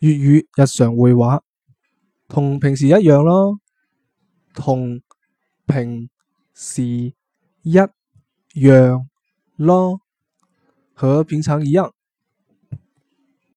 粵語日常會話，同平時一樣咯，同平時一樣咯，和平常一樣。